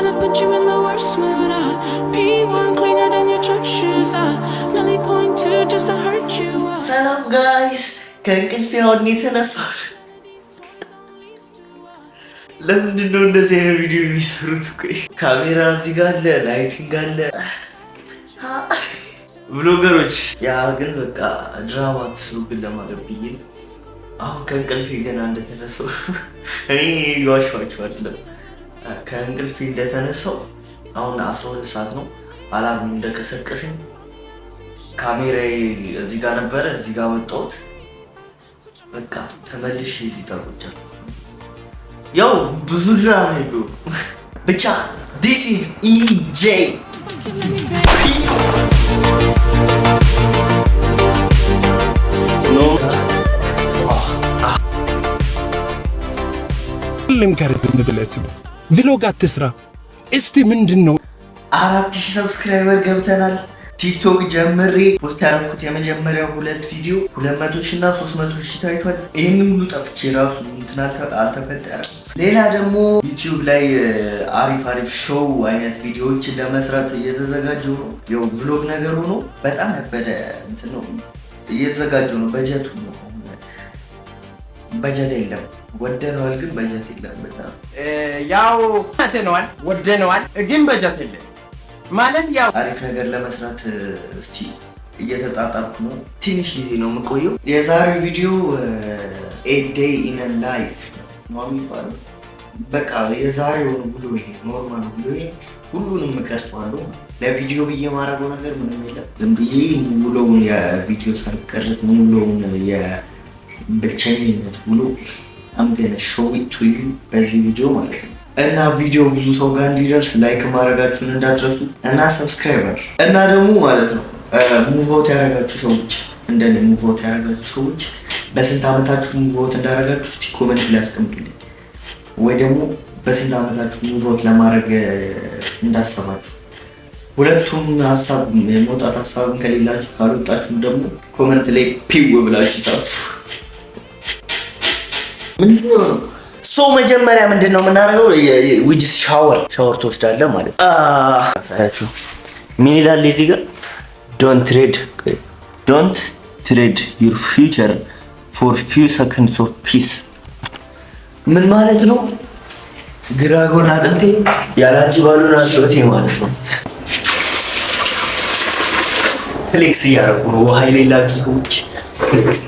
trying put you in the worst mood. I uh. be one cleaner than your church shoes. I uh. merely point to just to hurt you. ሰላም ጋይስ፣ ከእንቅልፍ ያውን የተነሳሁት ለምንድን ነው እንደዚህ አይነት ቪዲዮ የሚሰሩት? ቆይ ካሜራ እዚህ አለ፣ ላይቲንግ አለ። ብሎገሮች ያ ግን በቃ ድራማ ትስሩብን ለማለት ብዬ አሁን ከእንቅልፌ ገና እንደተነሳሁ እኔ ይዋሻችሁ አይደለም ከእንቅልፌ እንደተነሳው አሁን 12 ሰዓት ነው። አላም እንደቀሰቀሰኝ ካሜራ እዚህ ጋር ነበረ፣ እዚህ ጋር ወጣሁት። በቃ ተመልሽ እዚህ ጋር ቁጫለሁ። ያው ብዙ ድራማ ሄዱ ብቻ ዲስ ኢዝ ኢጄ ልምከር ብለህ ስም ቪሎግ አትስራ። እስቲ ምንድን ነው አራት ሺህ ሰብስክራይበር ገብተናል። ቲክቶክ ጀምሬ ፖስት ያደረኩት የመጀመሪያው ሁለት ቪዲዮ ሁለት መቶ ሺህ እና ሶስት መቶ ሺህ ታይቷል። ይህን ሁሉ ጠፍቼ ራሱ እንትን አልተፈጠረም። ሌላ ደግሞ ዩቲዩብ ላይ አሪፍ አሪፍ ሾው አይነት ቪዲዮዎችን ለመስራት እየተዘጋጁ ነው። ያው ቭሎግ ነገር ሆኖ በጣም ያበደ እንትን ነው እየተዘጋጁ ነው። በጀቱ ነው በጀት የለም ወደነዋል ግን በጀት የለም። ያው ወደነዋል ወደነዋል ግን በጀት የለም ማለት ያው አሪፍ ነገር ለመስራት እስቲ እየተጣጣርኩ ነው። ትንሽ ጊዜ ነው የምቆየው። የዛሬው ቪዲዮ ኤዴይ ኢን ላይፍ ነው የሚባለው። በቃ የዛሬውን ብሎ ኖርማል ብሎ ሁሉንም እቀርጸዋለሁ። ለቪዲዮ ብዬ ማድረገው ነገር ምንም የለም። ዝም ብዬ ውሎውን የቪዲዮ ሳልቀርጽ ውሎውን የብቸኝነት ውሎ አምገነ ሾው ኢት ቱ ዩ በዚህ ቪዲዮ ማለት ነው። እና ቪዲዮ ብዙ ሰው ጋር እንዲደርስ ላይክ ማድረጋችሁን እንዳትረሱ እና ሰብስክራይብ አድርጉ። እና ደግሞ ማለት ነው ሙቭ አውት ያደረጋችሁ ሰዎች እንደኔ ሙቮት ያደረጋችሁ ሰዎች በስንት ዓመታችሁ ሙቮት አውት እንዳደረጋችሁ እስቲ ኮመንት ላይ አስቀምጡልኝ ወይ ደግሞ በስንት ዓመታችሁ ሙቮት ለማድረግ እንዳሰባችሁ ሁለቱም ሀሳብ የመውጣት ሀሳብን ከሌላችሁ ካልወጣችሁ ደግሞ ኮመንት ላይ ፒው ብላችሁ ጻፉ። ሰው መጀመሪያ ምንድን ነው የምናደርገው? ዊጅስ ሻወር ሻወር ትወስዳለህ ማለት ነው። ምን ይላል እዚህ ጋር? ዶንት ትሬድ ዶንት ትሬድ ዩር ፊውቸር ፎር ፊው ሰከንድስ ኦፍ ፒስ። ምን ማለት ነው? ግራጎን አጥንቴ ያላንቺ ባሉን አጥንቴ ማለት ነው። ፍሌክስ እያደረጉ ነው። ውሃ የሌላችሁ ሰዎች ፍሌክስ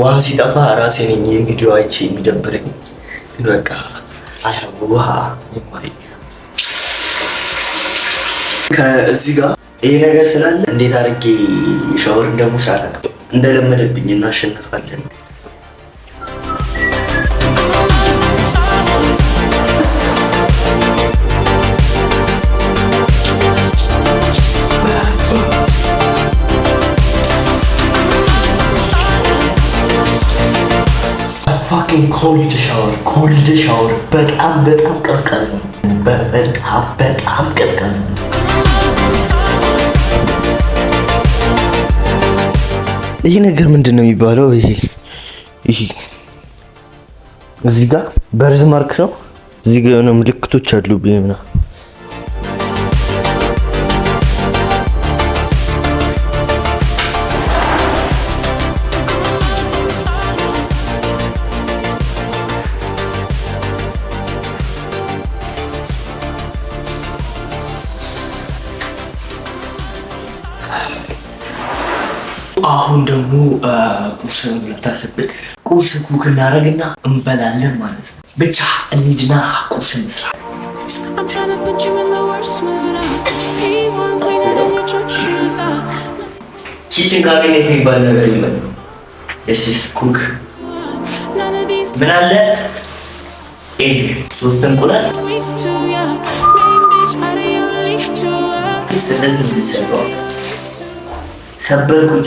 ውሃ ሲጠፋ ራሴ ነኝ የቪዲዮ አይቼ የሚደብረኝ። በቃ አያ ውሃ ከዚህ ጋር ይሄ ነገር ስላለ እንዴት አድርጌ ሻወር እንደሙስ አላውቅም። እንደለመደብኝ እናሸንፋለን። ፋኪንግ ኮልድ ሻወር ኮልድ ሻወር በጣም በጣም ቀዝቀዝ በጣም በጣም ቀዝቀዝ ነው። ይህ ነገር ምንድን ነው የሚባለው? ይሄ ይሄ እዚህ ጋር በርዝ ማርክ ነው። እዚህ ጋር የሆነ ምልክቶች አሉብኝ ምናምን አሁን ደግሞ ቁርስ መብላት አለብን። ቁርስ ኩክ እናደርግና እንበላለን ማለት ነው። ብቻ እንሂድና ቁርስ እንስራ። ኪችን ካቢኔት የሚባል ነገር የለም። ስስ ኩክ ምን አለ ኤግ፣ ሶስት እንቁላል ስለዚህ ሰበርኩት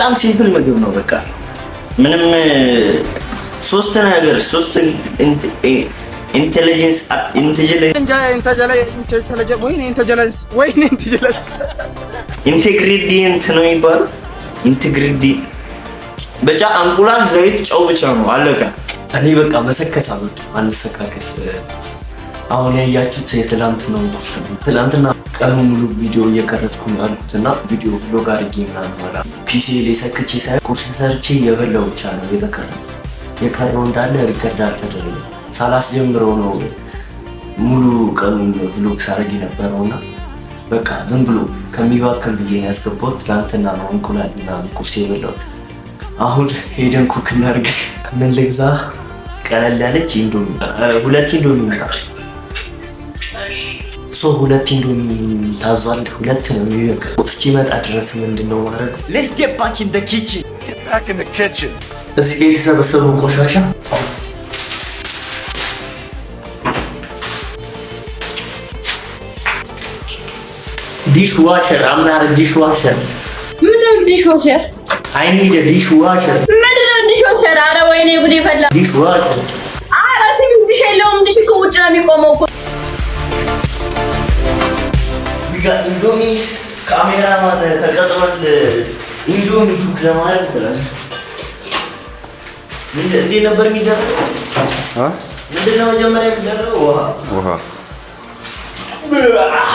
በጣም ሲምፕል ምግብ ነው። በቃ ምንም ሶስት ነገር ሶስት ኢንቴሊጀንስ ኢንቴሊጀንስ ኢንቴግሪዲየንት ነው የሚባለው። ኢንቴግሪዲ ብቻ እንቁላል፣ ዘይት፣ ጨው ብቻ ነው አለቀ። እኔ በቃ መሰከሳ አንሰካከስ አሁን ያያችሁት የትላንት ነው። ትላንትና ቀኑ ሙሉ ቪዲዮ እየቀረጽኩ ነው ያልኩት እና ቪዲዮ ብሎግ አድርጌ ምናምን ሆና ፒሲ ላይ ሰክቼ ሳይሆን ቁርስ ሰርቼ የበላው ብቻ ነው የተቀረጸ። የቀረው እንዳለ ሪከርድ አልተደረገ። ሳላስ ጀምረው ነው ሙሉ ቀኑን ቪሎግ ሳረግ የነበረው እና በቃ ዝም ብሎ ከሚባክል ብዬ ነው ትላንትና ነው እንቁላል ምናምን ቁርስ የበላሁት። አሁን ሄደን ኩክ እናድርግ። ምን ልግዛ? ቀለል ያለች ኢንዶሚ፣ ሁለት ኢንዶሚ ምጣ እሱ ሁለት እንዶሚ ታዟል። ሁለት ነው የሚበቃ። እስኪመጣ ድረስ ምንድን ነው ማድረግ? ሌትስ ጌት ባክ ኢን ዘ ኪችን። ጌት ባክ ኢን ዘ ኪችን። እዚህ ጋ የተሰበሰቡ ቆሻሻ ዲሽ ዋሸር አምናር ዲሽ ዋሸር ምንድን ዲሽ ዋሸር? አይ ኒድ ዲሽ ዋሸር ምንድን ዲሽ ዋሸር? አረ ወይኔ ጉድ ፈላ ዲሽ ዋሸር። አረ ትንሽ ዲሽ የለውም። ዲሽ እኮ ውጭ ነው የሚቆመው እኮ እዚህ ጋር ኢንዶሚስ ካሜራማን ተቀጥሯል። ኢንዶሚ ሹክ ለማድረግ ድረስ እንዴት ነበር የሚደረገው? ምንድን ነው መጀመሪያ የሚደረገው? ውሃ ይበቃል።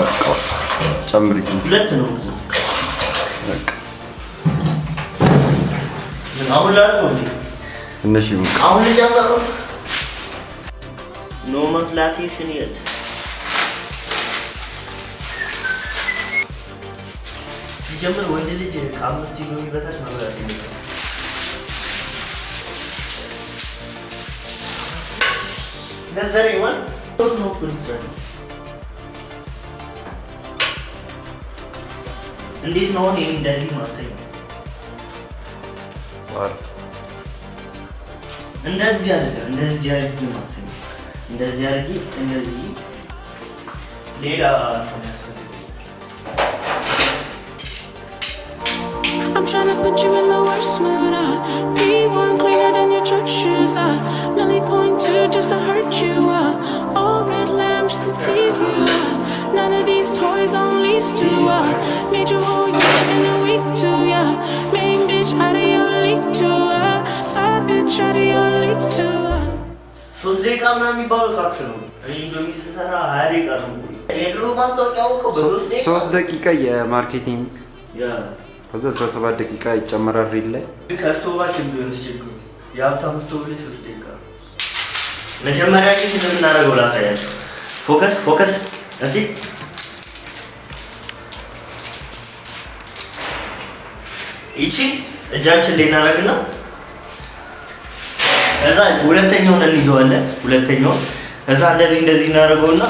በቃ ጨምሪ። ሁለት ነው አሁን ላድርገው እነሺ አሁን ጀምሩ። ኖ መፍላቴሽን የት ሲጀምር ወንድ ልጅ ከአምስት ኪሎ በታች መብላት ነዘር ይሆን ነው እንዴት ነው እንደዚህ ማስተኛ እንደዚህ አይደለም። እንደዚህ አይነት ነው እንደዚህ አድርጊ። እንደዚህ ሌላ I'm trying to put you in the worst mood. Uh. P1 cleaner than your church shoes. Uh. Millie point two just to hurt you. Uh. All red lamp just to tease you. Uh. None of these toys on lease to. Uh. Made you whole, year in a week too. Yeah, main bitch out of you. ሶስት ደቂቃ ምናምን የሚባለው ሳክስ ነው። ኢንዶሚ ስሰራ ሶስት ደቂቃ የማርኬቲንግ ከዛ አስራ ሰባት ደቂቃ ይጨመራል። ሪል ላይ ከስቶባችን ቢሆንስ ችግሩ የሀብታም ስቶቭ ላይ ሶስት ደቂቃ መጀመሪያ ግን እንደምናደርገው ላሳያቸው። ፎከስ ፎከስ እቲ ይቺ እጃችን ላይ እናደርግና ከዛ ሁለተኛውን እንይዘዋለን። ሁለተኛውን እዛ እንደዚህ እንደዚህ እናደርገውና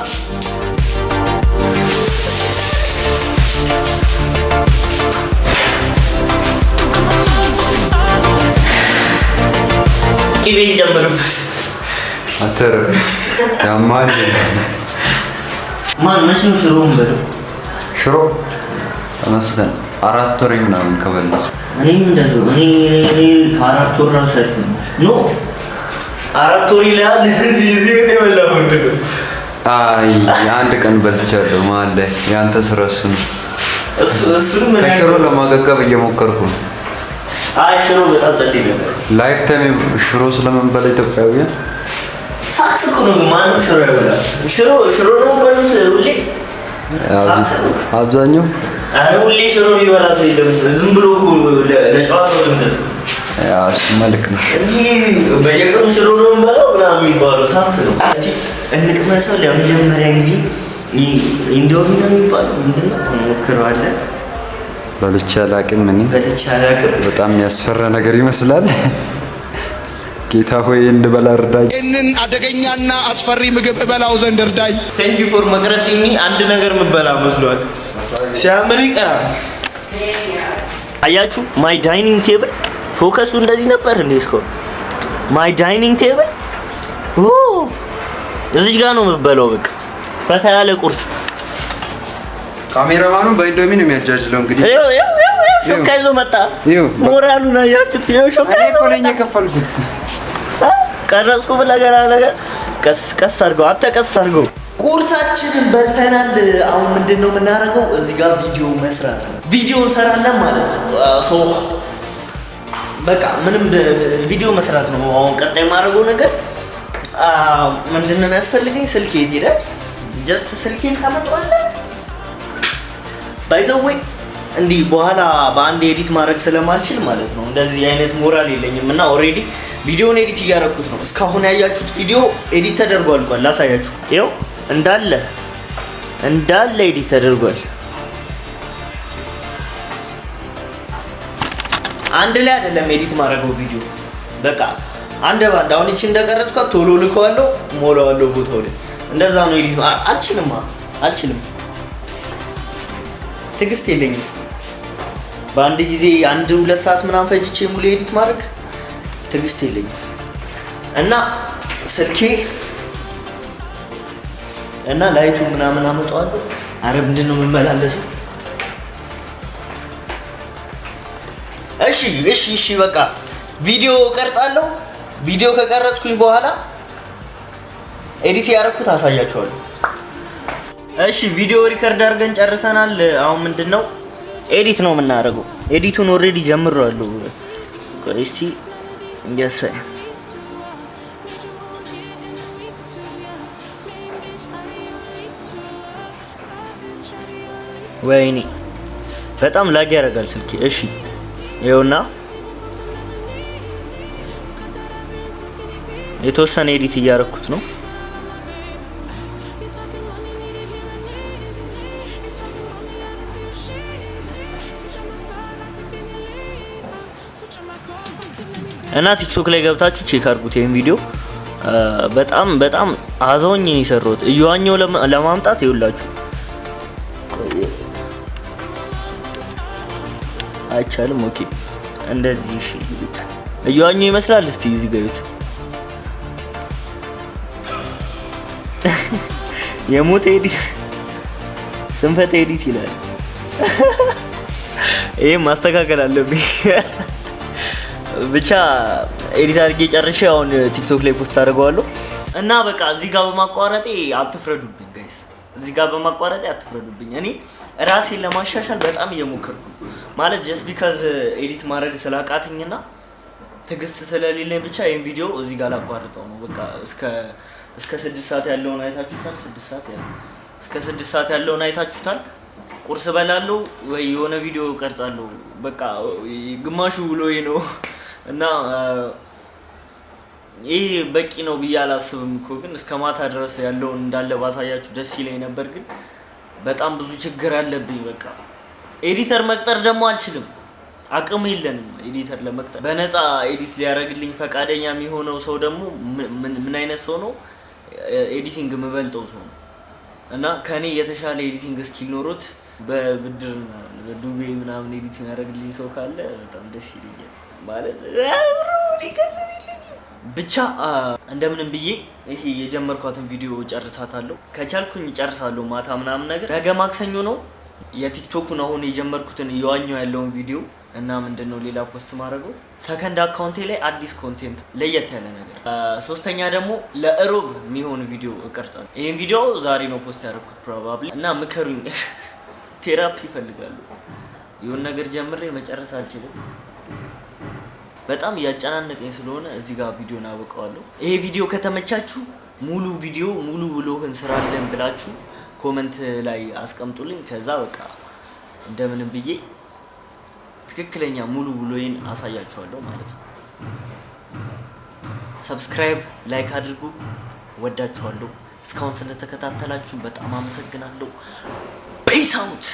ቅቤ ጨምርበት። አተር ያማል። ማን መቼ ነው ሽሮውን በለው ሽሮ ተመስገን አራት ወር ምናምን ከበላ እኔም እንደዚያው እኔ ከአራት ወር ነው ራሱ ነው አራት ወር ይላል። እዚህ ነው? አይ አንድ ቀን በልቻለሁ መሀል ላይ ያንተ ስራ እሱ ነው። ከሽሮ ለማገገብ እየሞከርኩ ነው። አይ ሽሮ በጣም ነበር። ላይፍ ታይም ሽሮ ስለምንበላ ኢትዮጵያውያን ነው። ማንም ሽሮ ሽሮ ሽሮ ነው ሁሌ አብዛኛው። አረ ሁሌ ሽሮ የሚበላ ሰው ዝም ብሎ እኮ ነው። እሱማ ልክ ነው። በየቀኑ ሽሮ ነው የምበላው ምናምን ሳክስ ነው። እስኪ እንቅመሰው። ለመጀመሪያ ጊዜ ኢንዶሚ ነው የሚባለው ምንድን ነው እንሞክረዋለን። በልቼ አላቅም። እኔ በልቼ አላቅም። በጣም ያስፈራ ነገር ይመስላል። ጌታ ሆይ እንድበላ እርዳኝ። ይህንን አደገኛና አስፈሪ ምግብ እበላው ዘንድ እርዳኝ። ቴንኪ ፎር መቅረት እኔ አንድ ነገር ምበላ መስሏል። ሲያምር ይቀራል። አያችሁ ማይ ዳይኒንግ ቴብል ፎከሱ እንደዚህ ነበር እንዴ? እስኮ ማይ ዳይኒንግ ቴብል እዚህ ጋር ነው የምበለው። በቃ ፈታ ያለ ቁርስ። ካሜራማኑ በኢንዶሚ ነው የሚያጃጅለው። እንግዲህ ሾካ ይዞ መጣ። ሞራሉን አያችሁት? ሾካ እኮ ነኝ የከፈልኩት። ቀረጽኩ ብለህ ገና ነገር ቀስ ቀስ አድርገው፣ አንተ ቀስ አድርገው። ቁርሳችንን በልተናል። አሁን ምንድን ነው የምናደርገው? እዚህ ጋር ቪዲዮ መስራት ነው። ቪዲዮ እንሰራለን ማለት ነው። በቃ ምንም ቪዲዮ መስራት ነው። አሁን ቀጣይ የማደርገው ነገር ምንድን ነው የሚያስፈልገኝ? ስልክ የት ሄደ? ጀስት ስልኬን ዘ ዌይ እንዲህ በኋላ በአንድ ኤዲት ማድረግ ስለማልችል ማለት ነው እንደዚህ አይነት ሞራል የለኝም እና ኦልሬዲ ቪዲዮውን ኤዲት እያደረኩት ነው። እስካሁን ያያችሁት ቪዲዮ ኤዲት ተደርጓል አልቋል። ላሳያችሁ። ይኸው እንዳለ እንዳለ ኤዲት ተደርጓል። አንድ ላይ አይደለም ኤዲት ማድረገው ቪዲዮ በቃ አንድ ባንድ። አሁን ይቺ እንደቀረጽኳ ቶሎ ልከዋለሁ፣ ሞላዋለሁ ቦታው ላይ እንደዛ ነው ኤዲት። አልችልም አልችልም፣ ትግስት የለኝም። በአንድ ጊዜ አንድ ሁለት ሰዓት ምናምን ፈጅቼ ሙሉ ኤዲት ማድረግ ትግስት የለኝም እና ስልኬ እና ላይቱ ምናምን አመጣዋለሁ። አረ ምንድን ነው የምመላለሰው እሺ፣ እሺ፣ በቃ ቪዲዮ ቀርጻለሁ። ቪዲዮ ከቀረጽኩኝ በኋላ ኤዲት ያደረኩት አሳያችኋለሁ። እሺ፣ ቪዲዮ ሪከርድ አድርገን ጨርሰናል። አሁን ምንድን ነው ኤዲት ነው የምናደርገው። ኤዲቱን ኦልሬዲ ጀምሬዋለሁ። እስቲ የሰይ ወይኔ በጣም ላግ ያደርጋል ስልኬ። እሺ ይኸውና የተወሰነ ኤዲት እያረኩት ነው። እና ቲክቶክ ላይ ገብታችሁ ቼክ አድርጉት ይሄን ቪዲዮ። በጣም በጣም አዛውኝ ነው የሰራሁት እየዋኘው ለማምጣት ይውላችሁ አይቻልም። ኦኬ፣ እንደዚህ እሺ። ይሉት እየዋኙ ይመስላል። እስቲ እዚህ ጋር ይዩት። የሞት ኤዲት፣ ስንፈት ኤዲት ይላል። ይህ ማስተካከል አለብኝ። ብቻ ኤዲት አድርጌ ጨርሼ አሁን ቲክቶክ ላይ ፖስት አድርገዋለሁ። እና በቃ እዚህ ጋር በማቋረጤ አትፍረዱብኝ ጋይስ፣ እዚህ ጋር በማቋረጤ አትፍረዱብኝ። እኔ ራሴን ለማሻሻል በጣም እየሞከርኩ ማለት ጀስት ቢካዝ ኤዲት ማድረግ ስላቃትኝና ትግስት ስለሌለኝ ብቻ ይህን ቪዲዮ እዚህ ጋር ላቋርጠው ነው። በቃ እስከ እስከ ስድስት ሰዓት ያለውን አይታችሁታል። ስድስት ሰዓት ያለ እስከ ስድስት ሰዓት ያለውን አይታችሁታል። ቁርስ በላለው ወይ የሆነ ቪዲዮ ቀርጻለሁ። በቃ ግማሹ ውሎዬ ነው እና uh, ይህ በቂ ነው ብዬ አላስብም እኮ ግን እስከ ማታ ድረስ ያለውን እንዳለ ባሳያችሁ ደስ ይለኝ ነበር። ግን በጣም ብዙ ችግር አለብኝ በቃ ኤዲተር መቅጠር ደግሞ አልችልም፣ አቅም የለንም ኤዲተር ለመቅጠር። በነፃ ኤዲት ሊያደርግልኝ ፈቃደኛ የሚሆነው ሰው ደግሞ ምን አይነት ሰው ነው? ኤዲቲንግ የምበልጠው ሰው ነው እና ከኔ የተሻለ ኤዲቲንግ እስኪል ኖሮት በብድር በዱቤ ምናምን ኤዲት የሚያደርግልኝ ሰው ካለ በጣም ደስ ይለኛል። ማለት ብቻ እንደምንም ብዬ ይሄ የጀመርኳትን ቪዲዮ ጨርሳታለሁ። ከቻልኩኝ ጨርሳለሁ። ማታ ምናምን ነገር ነገ ማክሰኞ ነው። የቲክቶኩን አሁን የጀመርኩትን እየዋኘው ያለውን ቪዲዮ እና ምንድን ነው ሌላ ፖስት ማድረገው ሰከንድ አካውንቴ ላይ አዲስ ኮንቴንት ለየት ያለ ነገር፣ ሶስተኛ ደግሞ ለእሮብ የሚሆን ቪዲዮ እቀርጻ። ይህን ቪዲዮ ዛሬ ነው ፖስት ያደረኩት ፕሮባብሊ እና ምከሩኝ። ቴራፒ ይፈልጋሉ። ይሁን ነገር ጀምሬ መጨረስ አልችልም። በጣም እያጨናነቀኝ ስለሆነ እዚህ ጋር ቪዲዮን አበቀዋለሁ። ይሄ ቪዲዮ ከተመቻችሁ ሙሉ ቪዲዮ ሙሉ ብሎህን ስራለን ብላችሁ ኮመንት ላይ አስቀምጡልኝ። ከዛ በቃ እንደምንም ብዬ ትክክለኛ ሙሉ ውሎዬን አሳያችኋለሁ ማለት ነው። ሰብስክራይብ፣ ላይክ አድርጉ። ወዳችኋለሁ። እስካሁን ስለተከታተላችሁ በጣም አመሰግናለሁ። ፔስ አውት